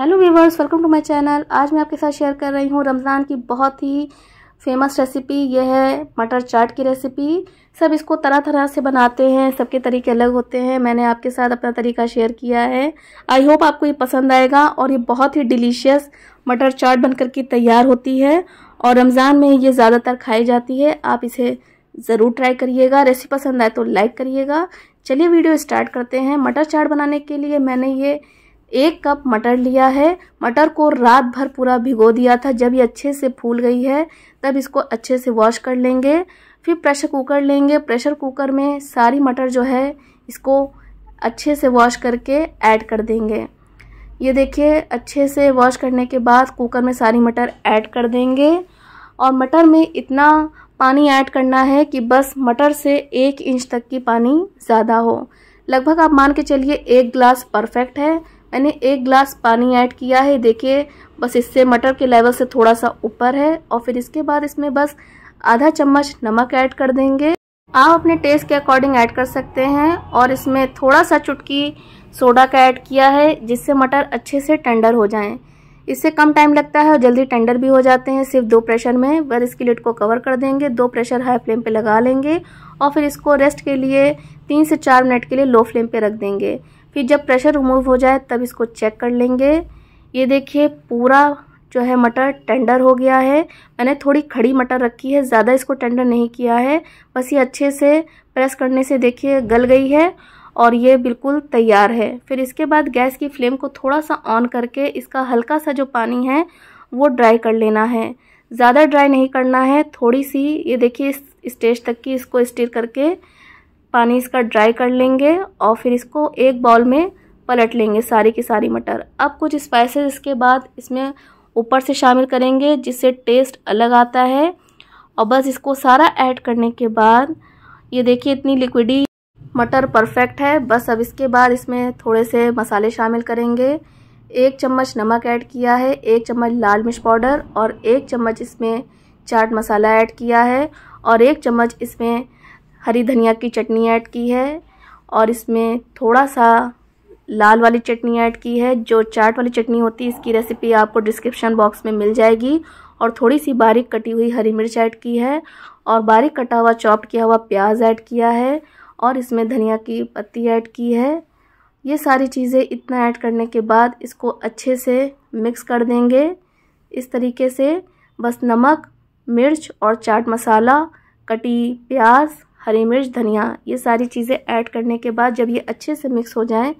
hello viewers welcome to my channel आज मैं आपके साथ शेयर कर रही हूँ रमज़ान की बहुत ही फेमस रेसिपी यह है मटर चाट की रेसिपी सब इसको तरह तरह से बनाते हैं सबके तरीके अलग होते हैं मैंने आपके साथ अपना तरीका शेयर किया है आई होप आपको ये पसंद आएगा और ये बहुत ही डिलीशियस मटर चाट बनकर की तैयार होती है और रमज़ान में ये ज़्यादातर खाई जाती है आप इसे ज़रूर ट्राई करिएगा रेसिपी पसंद आए तो लाइक करिएगा चलिए वीडियो स्टार्ट करते हैं मटर चाट बनाने के लिए मैंने ये एक कप मटर लिया है मटर को रात भर पूरा भिगो दिया था जब ये अच्छे से फूल गई है तब इसको अच्छे से वॉश कर लेंगे फिर प्रेशर कुकर लेंगे प्रेशर कुकर में सारी मटर जो है इसको अच्छे से वॉश करके ऐड कर देंगे ये देखिए अच्छे से वॉश करने के बाद कुकर में सारी मटर ऐड कर देंगे और मटर में इतना पानी ऐड करना है कि बस मटर से एक इंच तक की पानी ज़्यादा हो लगभग आप मान के चलिए एक गिलास परफेक्ट है मैंने एक ग्लास पानी ऐड किया है देखिए बस इससे मटर के लेवल से थोड़ा सा ऊपर है और फिर इसके बाद इसमें बस आधा चम्मच नमक ऐड कर देंगे आप अपने टेस्ट के अकॉर्डिंग ऐड कर सकते हैं और इसमें थोड़ा सा चुटकी सोडा का ऐड किया है जिससे मटर अच्छे से टेंडर हो जाएं इससे कम टाइम लगता है और जल्दी टेंडर भी हो जाते हैं सिर्फ दो प्रेशर में बस इसकी लिट को कवर कर देंगे दो प्रेशर हाई फ्लेम पर लगा लेंगे और फिर इसको रेस्ट के लिए तीन से चार मिनट के लिए लो फ्लेम पे रख देंगे फिर जब प्रेशर रिमूव हो जाए तब इसको चेक कर लेंगे ये देखिए पूरा जो है मटर टेंडर हो गया है मैंने थोड़ी खड़ी मटर रखी है ज़्यादा इसको टेंडर नहीं किया है बस ये अच्छे से प्रेस करने से देखिए गल गई है और ये बिल्कुल तैयार है फिर इसके बाद गैस की फ्लेम को थोड़ा सा ऑन करके इसका हल्का सा जो पानी है वो ड्राई कर लेना है ज़्यादा ड्राई नहीं करना है थोड़ी सी ये देखिए इस स्टेज तक की इसको स्टीर करके पानी इसका ड्राई कर लेंगे और फिर इसको एक बाउल में पलट लेंगे सारी की सारी मटर अब कुछ स्पाइसेस इसके बाद इसमें ऊपर से शामिल करेंगे जिससे टेस्ट अलग आता है और बस इसको सारा ऐड करने के बाद ये देखिए इतनी लिक्विडी मटर परफेक्ट है बस अब इसके बाद इसमें थोड़े से मसाले शामिल करेंगे एक चम्मच नमक ऐड किया है एक चम्मच लाल मिर्च पाउडर और एक चम्मच इसमें चाट मसाला ऐड किया है और एक चम्मच इसमें हरी धनिया की चटनी ऐड की है और इसमें थोड़ा सा लाल वाली चटनी ऐड की है जो चाट वाली चटनी होती है इसकी रेसिपी आपको डिस्क्रिप्शन बॉक्स में मिल जाएगी और थोड़ी सी बारीक कटी हुई हरी मिर्च ऐड की है और बारीक कटा हुआ चॉप किया हुआ प्याज ऐड किया है और इसमें धनिया की पत्ती ऐड की है ये सारी चीज़ें इतना ऐड करने के बाद इसको अच्छे से मिक्स कर देंगे इस तरीके से बस नमक मिर्च और चाट मसाला कटी प्याज हरी मिर्च धनिया ये सारी चीज़ें ऐड करने के बाद जब ये अच्छे से मिक्स हो जाएँ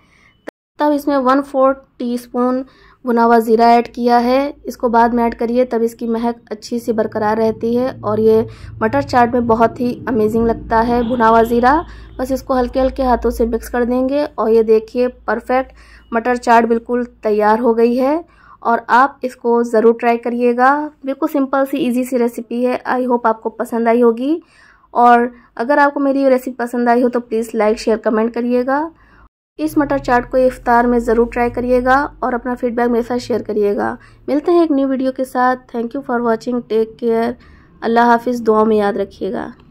तब इसमें वन फोर्थ टी स्पून भुना हुआ ज़ीरा ऐड किया है इसको बाद में ऐड करिए तब इसकी महक अच्छी सी बरकरार रहती है और ये मटर चाट में बहुत ही अमेजिंग लगता है भुना हुआ ज़ीरा बस इसको हल्के हल्के हाथों से मिक्स कर देंगे और ये देखिए परफेक्ट मटर चाट बिल्कुल तैयार हो गई है और आप इसको ज़रूर ट्राई करिएगा बिल्कुल सिंपल सी इजी सी रेसिपी है आई होप आपको पसंद आई होगी और अगर आपको मेरी ये रेसिपी पसंद आई हो तो प्लीज़ लाइक शेयर कमेंट करिएगा इस मटर चाट को इफ्तार में ज़रूर ट्राई करिएगा और अपना फीडबैक मेरे साथ शेयर करिएगा मिलते हैं एक न्यू वीडियो के साथ thank you for watching take care अल्लाह हाफिज़ दुआ में याद रखिएगा